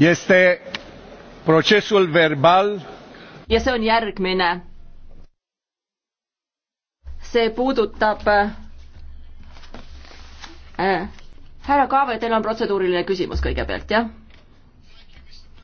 este procesul verbal ja see on järgmine. see puudutab äh, härra Kaave, teil on protseduuriline küsimus kõigepealt, jah?